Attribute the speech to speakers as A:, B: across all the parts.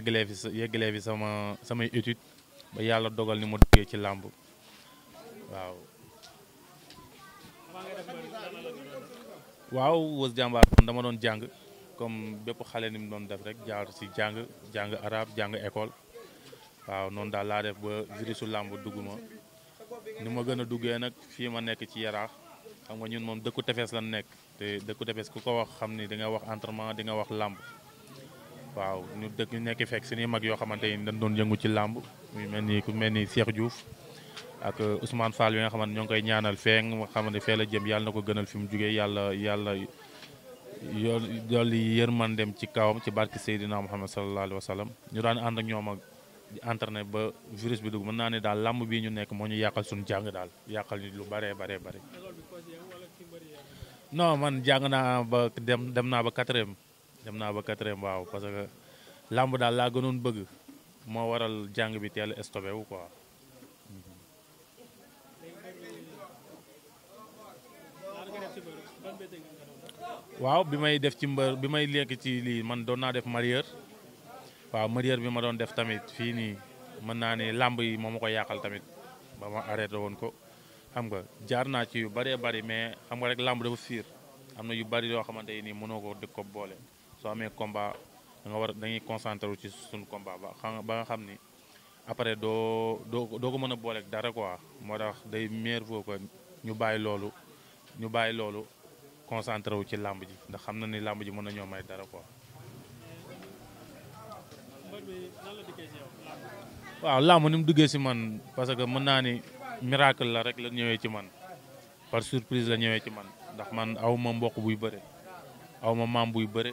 A: yeggalee fi yeggalee fi sama samay étude ba yàlla dogal ni ma duggee ci wow waaw waaw wës jàmbaar kon dama doon jàng comme bépp xale ni mu doon def rek jaar si jang jang arab jang école waaw noonu daal laa def ba virusu làmb dugg ma ni ma gën a duggee nag fii ma nekk ci yaraax xam nga ñun moom dëkku tefes lan nekk te dëkku tefes ku ko wax xam ni nga wax entraînement nga wax waaw ñu dëkk ñu nekk fekk suñuy mag yoo xamante ni dañ doon yëngu ci làmb muy mel ni ku mel ni Cheikh Diouf ak euh, Ousmane Fall yi nga xamante ñoo ngi koy ñaanal fee nga xamante fee la jëm yàlla na ko gënal fi mu jugee yàlla yàlla yool man dem ci kawam ci barke Seydina Muhammad sallallahu alayhi wa sallam ñu daan ànd ak ñoom ak di ba virus bi dugg mën naa ne daal làmb bii ñu nekk moo ñu yàqal suñu jàng daal yàqal ñu lu baree baree bare non man jàng naa ba dem naa ba quatrième dem naa ba quatrième waaw parce que làmb daal laa gënoon bëgg moo waral jàng bi teel a stoppé wu quoi. waaw bi may def ci mbër bi may lekk ci lii man doon naa def marieur waaw marieur bi ma doon def tamit fii nii mën naa ne làmb yi moo ma ko yàqal tamit ba ma arrêté woon ko xam nga jaar naa ci yu bëree bari mais xam nga rek làmb dafa fiir am na yu bari yoo xamante nii mënoo ko dëkk ko boole. soo amee combat da war dañuy concentré wu ci suñu combat ba xam ba nga xam ni après doo doo doo ko mën a booleek dara quoi moo tax day meer foo ko ñu bàyyi loolu ñu bàyyi loolu concentré wu ci làmb ji ndax xam na ni làmb ji mën na ñoo dara quoi. waaw làmb ni mu duggee si man parce que mën naa ni miracle la rek la ñëwee ci man par surprise la ñëwee ci man ndax man aw ma mboq buy bëre buy bëre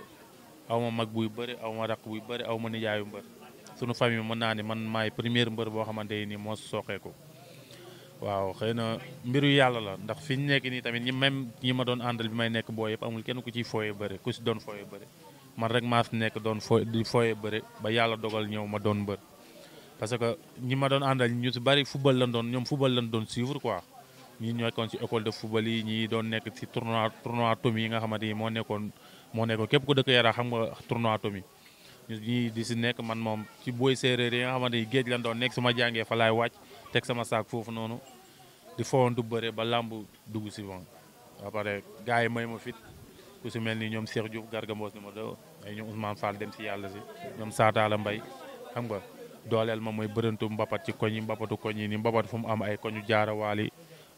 A: aw ma mag buy bëri aw ma raq buy bëri aw ma nijaayu mbër sunu famille mën naa ne man maay première mbër boo xamante ni moo ko waaw xëy na mbiru yàlla la ndax fi ñu nekk nii tamit ñi même ñi ma doon àndal bi may nekk boo yëpp amul kenn ku ciy fooyee bëri ku si doon fooyee bëri man rek maa fi nekk doon fooy di fooyee bëri ba yàlla dogal ñëw ma doon mbër parce que ñi ma doon àndal ñu si bëri football lan doon ñoom football lan doon suivre quoi ñi ñooy si école de fubal yi ñi doon nekk si tournoi tournoi tom yi nga xamante ni moo nekkoon moo nekkoon képp ku dëkk Yaraax xam nga tournoi Tomi ñi di si nekk man moom ci booy séeréer yi nga xamante géej lan doon nekk su ma jàngee falaay laay wàcc teg sama saak foofu noonu di fowoon du bëre ba làmb dugg si moom après yi may ma fit ku si mel ni ñoom Cheikh Diouf Garga Mboos ni ma do ay ñoom Ousmane dem si yàlla si ñoom Saataala Mbay xam nga dooleel ma mooy bërëntu mbapat ci koñ mbapatu koñ yi ni mbapat fu mu am ay koñu jaarawaali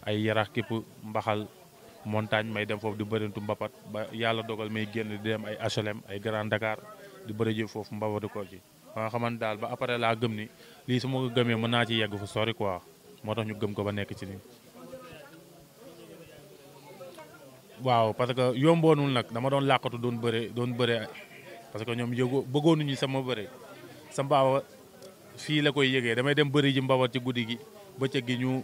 A: ay yarax képp mbaxal montagne may dem foofu di bërintu mbapat ba yàlla dogal may génn di dem ay HLM ay garan Dakar di bëri ji foofu mbapatu ko ci daal ba après laa gëm ni lii su ma ko gëmee mën naa ci yegg fu sori quoi moo tax ñu gëm ko ba nekk ci nii. waaw parce que yomboonul nag dama doon làqatu doon bëre doon bëre parce que ñoom yëgoo bëggoonuñu sama bëre sa mbaawa fii la koy yëgee damay dem bëri ji mbabat ci guddi gi bëccëg gi ñu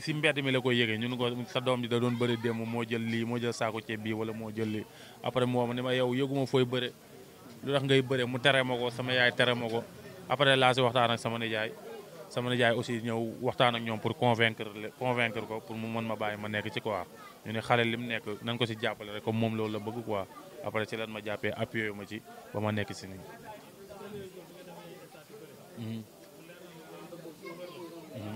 A: si mbedd mi la koy yëgee ñun ko sa doom ji da doon bëri démb moo jël lii moo jël saako ceeb bii wala moo jël lii après mu ma ni ma yow yëguma fooy bëre lu tax ngay bëre mu tere ma ko sama yaay tere ma ko après nijaay aussi ñëw waxtaan ak ñoom pour convaincre convaincre ko pour mu mën ma bàyyi ma nekk ci quoi ñu ne xale li mu nekk nañ ko si jàppale rek comme moom loolu la bëgg quoi après ci lan ma jàppee appuyé ma ci ba ma nekk si nii mhm. Mhm.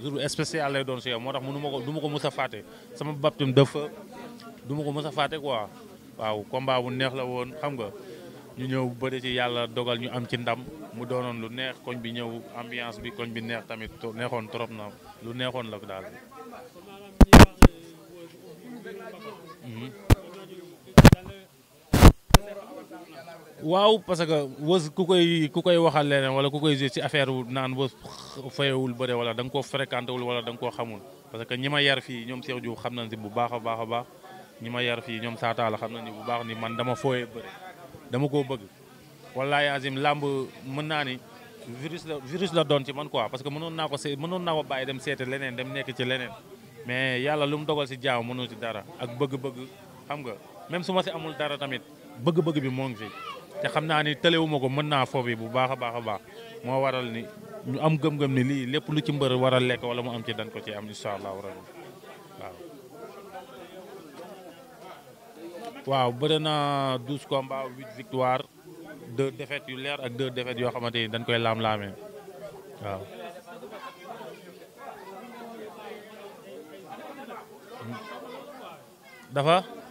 A: jour spécial lay doon si moo tax mënu ma ko du ma ko mës a fàtte sama baptême de feu du ma ko mës a fàtte quoi waaw combat bu neex la woon xam nga ñu ñëw bëri ci yàlla dogal ñu am ci ndam mu doonoon lu neex koñ bi ñëw ambiance bi koñ bi neex tamit neexoon trop na lu neexoon la daal. waaw parce que wës ku koy waxal leneen wala ku koy ci affaire wu naan wës fayewul bëre wala da nga koo fréquenté wul wala da nga koo xamul parce que ñi ma yar fii ñoom Cheikh Diouf xam nañ si bu baax a baax baax ñi ma yar fii ñoom saataala xam na ni bu baax ni man dama fooyee bëre dama koo bëgg wallaay azim làmb mën naa ni virus la virus la doon ci man quoi parce que mënoon naa ko see mënoon naa ko bàyyi dem seete leneen dem nekk ci leneen mais yàlla lu mu dogal si jaaw mënu ci dara ak bëgg-bëgg xam nga bëgg-bëgg bi moo ngi fi te xam naa ni telewuma ko mën naa foofu bu baax a baax a baax moo waral ni ñu am gëm-gëm ni lii lépp lu ci mbër waral a lekk wala mu am ci dan ko ci am incha allahu rabbi waaw. waaw bëri na douze combats huit victoire deux défaites yu leer ak deux défaites yoo xamante ni dañ koy laam-laamee waaw. dafa.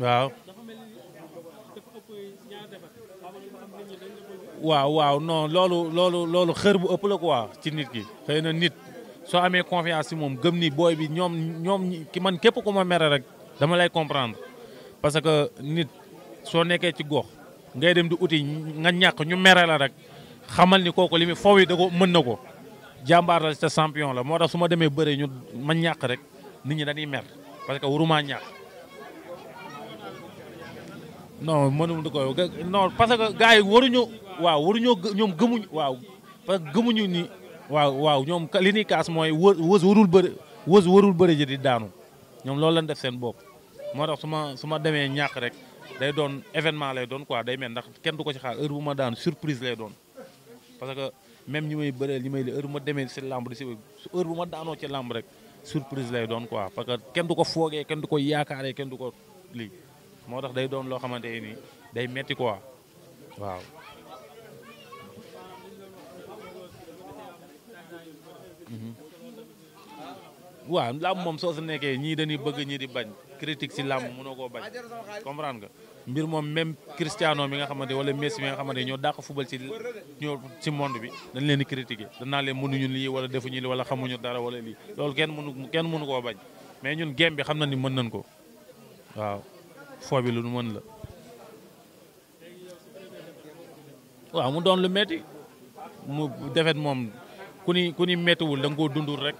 A: waaw. waaw waaw non loolu loolu loolu xër bu ëpp la ko quoi ci nit ki xëy na nit soo amee confiance ci moom gëm ni booy bi ñoom ñoom ki man képp ku ma mere rek dama lay comprendre parce que nit soo nekkee ci gox ngay dem di uti nga ñàkk ñu mere la rek xamal ni kooku li mu foofu da ko mën na ko jàmbaar la te champion la moo tax su ma demee bëre ñu ma ñàkk rek nit ñi dañuy mer parce que waruma ñàkk non mënuma ko non parce que gars yi waruñu waaw waruñoo ñoom gëmuñ waaw parce gëmuñu ni waaw waaw ñoom li ñuy kaas mooy wë wës warul bëri wës warul bëri ji di daanu ñoom loolu lañ def seen bopp. moo tax su ma su ma demee ñàkk rek day doon événement lay doon quoi day mel ndax kenn du ko ci xaar heure bu ma daan surprise lay doon parce que même ñi may bëreel ñi may li heure bu ma demee si làmb di si heure bu ma daanoo ci làmb rek surprise lay doon quoi parce que kenn du ko foogee kenn du ko yaakaaree kenn du ko lii. moo tax day doon loo xamante nii day metti quoi waaw. Mhm. waaw làmb moom soo sa nekkee ñii dañuy bëgg ñii di bañ critique ci làmb mënoo koo bañ comprendre nga mbir moom même Cristiano bi nga xamante wala Messi mi nga xamante ñoo dàq fubal ci ñoo ci monde bi dañ leen di critiquer danaa leen mënuñu lii wala defuñu lii wala xamuñu dara wala lii loolu kenn mënu kenn mënu koo bañ mais ñun game bi xam na ni mën nañ ko foo bi lu nu mën la waaw mu doon lu metti mu defet moom ku ni ku ni méttiwul da koo dundul rek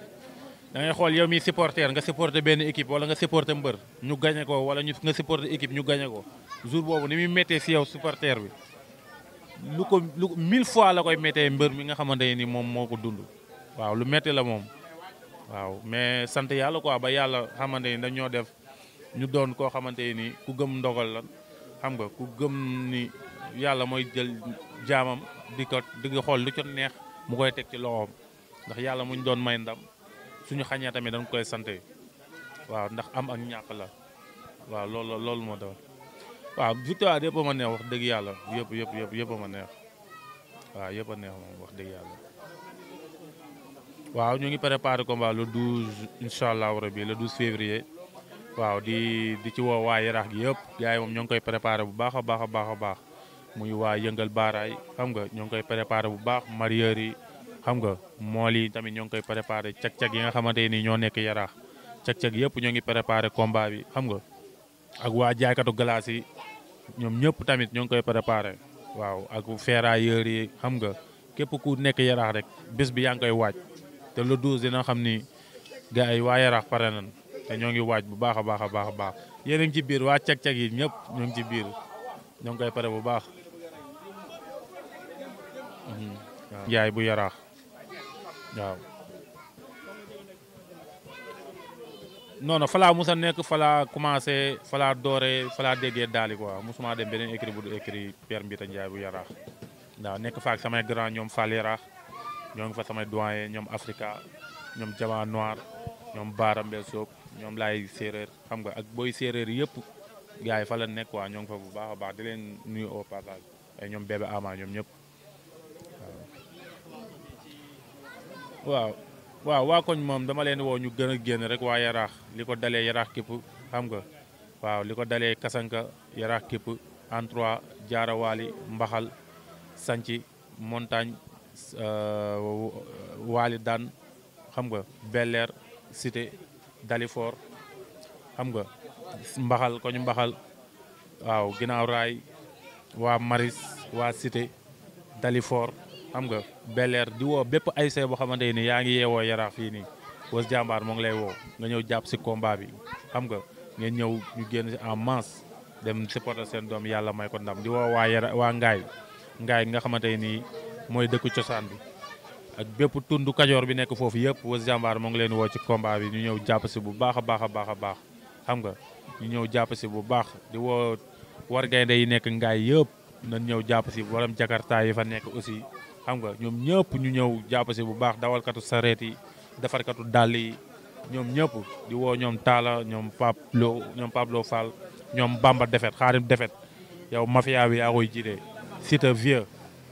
A: da xool yow mii supporter nga supporter benn équipe wala nga supporter mbër ñu gañe ko wala ñu nga supporter équipe ñu gañe ko jour boobu ni muy méttee si yow supporter bi lu ko lu mille fois la koy méttee mbër mi nga xamante nii moom moo ko dund waaw lu metti la moom waaw mais sant yàlla quoi ba yàlla xamante ni dañoo def ñu doon koo xamante ni ku gëm ndogal la xam nga ku gëm ni yàlla mooy jël jaamam di ko di xool lu ca neex mu koy teg ci loxoom ndax yàlla muñ doon may ndam suñu xañee tamit dañ koy sante waaw ndax am ak ñàkk la waaw loolu loolu moo doon waaw victoire yëpp ma neex wax dëgg yàlla yëpp yëpp yëpp yëpp ma neex waaw yëpp a neex moom wax dëgg yàlla waaw ñu ngi préparé combat le 12 incha allahu rabi le 12 février waaw di di ci woo waa yaraax gi yëpp gars yi moom ñoo ngi koy préparé bu baax a baax a baax a baax muy waa yëngal baaraay xam nga ñoo ngi koy préparé bu baax marieur yi xam nga mool yi tamit ñoo ngi koy préparé cag-cag yi xamante ni ñoo nekk yaraax cag yëpp ñoo ngi préparé combat bi xam nga ak waa jaaykatu glace yi ñoom ñëpp tamit ñoo ngi koy préparé waaw ak ferrailleur yi xam nga képp ku nekk yaraax rek bés bi yaa ngi koy waaj te le 12 na xam ni ga yi waa yaraax pare nan te ngi waaj bu baax baax a baax a baax yéen ngi ci biir waa cag-cag yi ñëpp ñoo ngi ci biir ñoo ngi koy pare bu baax njaay mhm. bu yaraax waaw non non falaa musa nekk falaa commencé falaa doore falaa déggee daali quoi musuma dem beneen écrit bu du écrit Père Mbita Ndiaye bu yaraax waaw nekk fa ak samay grand ñoom Fall yaraax ñoo ngi fa samay doyen ñoom Africa ñoom Jama Noir ñoom Baara Mbel Soop ñoom laay séeréer xam nga ak booy séeréer yëpp gars fala nekk waa ñoo fa bu baax a baax di leen nuyu au passage ñoom bébé ama ñoom ñëpp waaw. waaw waa koñ moom dama leen woo ñu gën a génn rek waa yaraax li ko dalee yaraax képp xam nga waaw li ko dalee kasanka yaraax képp entroit trois jaarawaali mbaxal sanci montagne euh, waali daan xam nga belleer cité Dalifort xam nga mbaxal ko mbaxal waaw ginnaaw raay waa Maris waa Cité Dalifort xam nga beleer di woo bépp ay see boo xamante ni yaa ngi woo yaraax fii nii Weuz Diambar moo ngi lay woo nga ñëw jàpp si kombaa bi xam nga ngeen ñëw ñu génn si en mans dem supporter seen doom yàlla may ko ndam di woo waa yara waa Ngaay Ngaay nga xamante nii mooy dëkku cosaan bi ak bépp tund kajoor bi nekk foofu yëpp Weuz Jambaar mu ngi leen woo ci combat bi ñu ñëw jàpp si bu baax a baax a baax xam nga ñu ñëw jàpp si bu baax di woo war gaynde yi nekk ngaay yëpp na ñëw jàpp si waram jakarta yi fa nekk aussi xam ñoom ñëpp ñu ñëw jàpp bu baax dawalkatu sareet yi defarkatu dàll yi ñoom ñëpp di woo ñoom Talla ñoom Pablo ñoom Pablo ñoom Bamba defet xaarim defet yow mafia bi yaa koy jiite vieux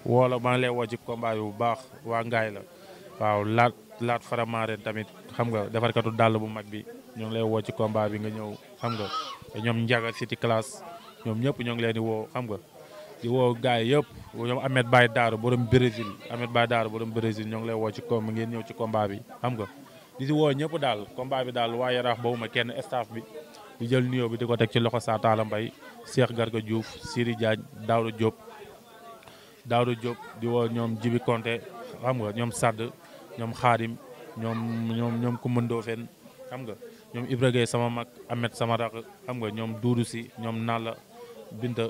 A: woo la maa ngi lay woo ci combat bu baax waa ngaay la waaw laat laat faramaare tamit xam nga defarkatu dàll bu mag bi ñu ngi lay woo ci combat bi nga ñëw xam nga ñoom njaga city classe ñoom ñëpp ñoo ngi leen di woo xam nga woo gaay yëpp ñoom Ahmed Baye Daaru borom Brésil Ahmed Baye Daaru borom Brésil ñoo ngi lay woo ci combat ngeen ñëw ci combat bi xam nga di si woo ñëpp daal combat bi daal waa Yaraax boobu ma kenn staff bi di jël nuyoo bi di ko teg ci loxo Saataala Mbay Cheikh Garga Diouf Siri Diagne Daouda Diop Daouda Diop di woo ñoom Jibi Konté xam nga ñoom Sadd ñoom Xaadim ñoom ñoom ñoom Coumba Ndoffène xam nga ñoom Ibra sama mag Ahmed sama rakk xam nga ñoom Doudou si ñoom Nalla Binta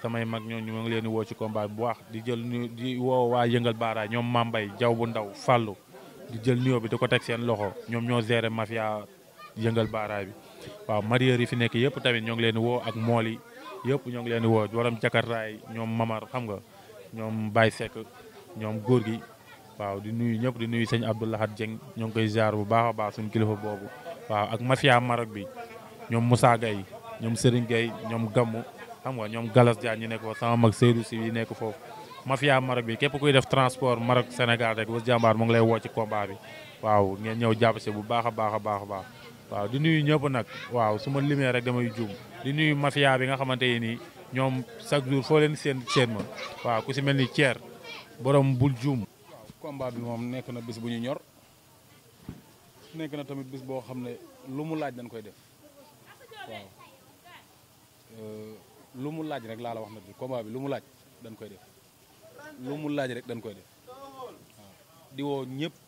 A: samay mag ñoo ñu ngi leen di woo ci combat bu baax di jël nu di woo waa yëngal baaraay ñoom Mambay Jaw bu ndaw Fallou di jël nuyoo bi di ko teg seen loxo ñoom ñoo gérer mafia yëngal baaraay bi waa marieur yi fi nekk yëpp tamit ñoo ngi leen di woo ak mool yi yëpp ñoo ngi leen di woo waram jakartaay ñoom Mamar xam nga ñoom Baye Seck ñoom góor gi waaw di nuyu ñëpp di nuyu sëñ Abdou Lahad Dieng ñoo ngi koy ziar bu baax a baax suñu kilifa boobu waaw ak mafia Maroc bi ñoom Moussa Gaye ñoom Serigne Gaye ñoom Gammu xam nga ñoom Galas Dia ñu nekk foofu sama mag Seydou si yi nekk foofu mafia Maroc bi képp kuy def transport Maroc Sénégal rek Weuz Diambar mu ngi lay woo ci combat bi waaw ngeen ñëw jàpp si bu baax a baax a baax baax waaw di nuyu ñëpp nag waaw su ma limee rek damay ñoom chaque jour foo leen seen seen ma waaw ku si mel ni Thier borom bul juum. combat bi moom nekk na bis bu ñu ñor
B: nekk na tamit bis boo xam ne lu mu laaj dañ koy def waaw euh, lu mu laaj rek laa wax na bi bi lu mu laaj dañ koy def lu mu laaj rek dañ koy def diwoo di woo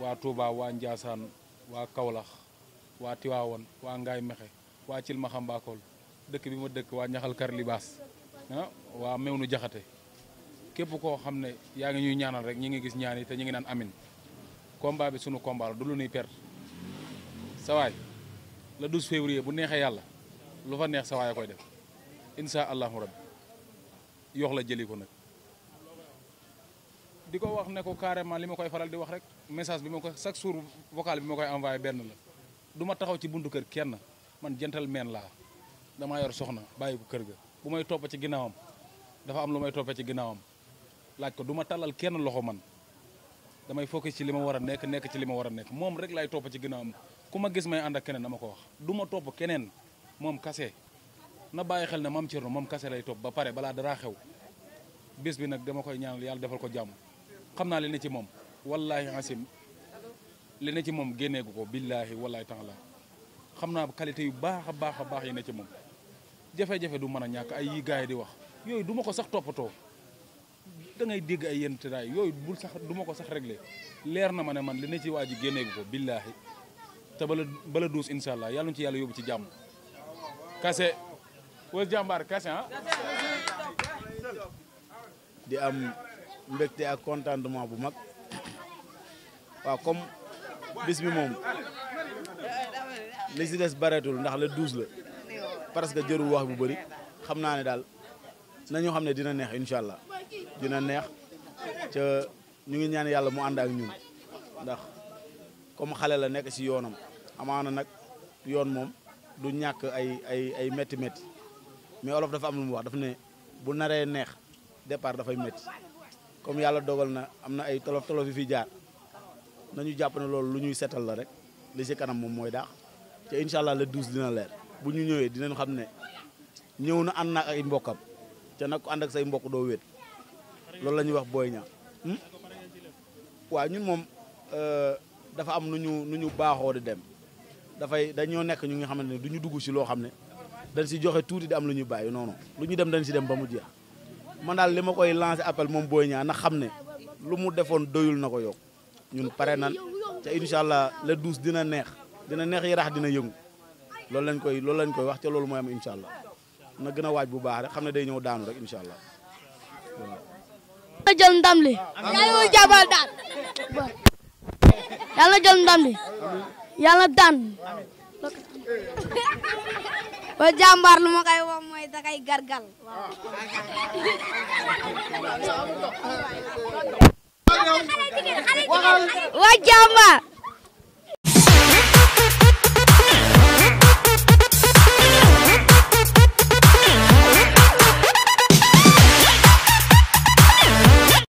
B: waa Touba waa Ndiassane waa Kaolack waa Tivaouane waa Ngaye Mexe waa Cilmaxa Mbakol dëkk bi ma dëkk waa ñaxal kar libaas ah, waa meew nu jaxate képp koo xam ne yaa ngi ñuy ñaanal rek ñu ngi gis ñaan te ñu ngi naan amin combat bi sunu combat la du lu nuy perte sawaay le 12 février bu neexee yàlla lu fa neex sawaay a koy def insha allahu rabbi yoox la jëli ko nag di ko wax ne ko carrément li ma koy faral di wax rek message bi ma ko chaque jour vocal bi ma koy envoyé benn la duma taxaw ci buntu kër kenn man gentleman laa damaa yor soxna bàyyi ko kër ga bu may topp ci ginnaawam dafa am lu may toppee ci ginnaawam laaj ko duma ma tàllal kenn loxo man damay focus ci li ma war a nekk nekk ci li ma war a nekk moom rek laay topp ci ginnaawam ku ma gis may ànd ak keneen dama ko wax du ma topp keneen moom kase na bàyyi xel ne maam Thierno moom kase lay topp ba pare balaa daraa xew bis bi nag dama koy ñaanal yàlla defal ko jàmm xam naa li ne ci moom wallaahi asim li ne ci moom génneegu ko billaahi wallaahi taala xam naa qualité yu baax a baax a baax yi ne ci jafé jafé du mëna ñak ay yi gaay di wax yoy du ko sax topato da ngay dégg ay yent tëraay yoy bul sax du ko sax régler lér na mané man li ne ci waji ji ko billahi ta bala bala dous inshallah yalla ñu ci yalla yobu ci jamm kase wo
C: jambar kase ha ah. di am mbégte ak contentement bu mag wa comme bis bi mom li si des bareetul ndax le 12 la parce que jëru wax bu bëri xam naa ne daal nañu xam ne dina neex incha allah dina neex ca ñu ngi ñaan yàlla mu ànd ak ñun ndax comme xale la nekk si yoonam amaana nag yoon moom du ñàkk ay ay ay métti mais olof dafa am lu mu wax dafa ne bu naree neex depart dafay métti comme yàlla dogal na am na ay tolof tolof yu fi jaar nañu jàpp ne loolu lu ñuy seetal la rek li si kanam moom mooy daax te incha allah le dina leer. bu ñu ñëwee dinañ xam ne ñëw na ànd na ay mbokkam te nag ànd ak say mbokk doo wéet loolu la ñuy wax booy Niang hmm? waaw ñun moom euh, dafa am nu ñu nu ñu baaxoo di dem dafay dañoo nekk ñu nga xamante ne du ñu dugg si loo xam ne dañ si joxe tuuti di am lu ñuy bàyyi noonu lu ñu dem dañ si dem ba mu jeex man daal li ma koy lancé appel moom booy Niang na xam ne lu mu defoon doyul na ko yokk ñun pare nan te incha allah le douze dina neex dina neex yi rax dina yëngu. loolu lañ koy loolu lañ koy wax te loolu mooy am incha allah na gën a waaj bu baax rek xam ne day ñëw daanu rek incha allah yàlla jël ndam li yàlla muy jàppal daan yàlla jël ndam li yàlla daan
A: ba jàmbaar lu ma koy
C: wax mooy da kay gargal wa jàmbaar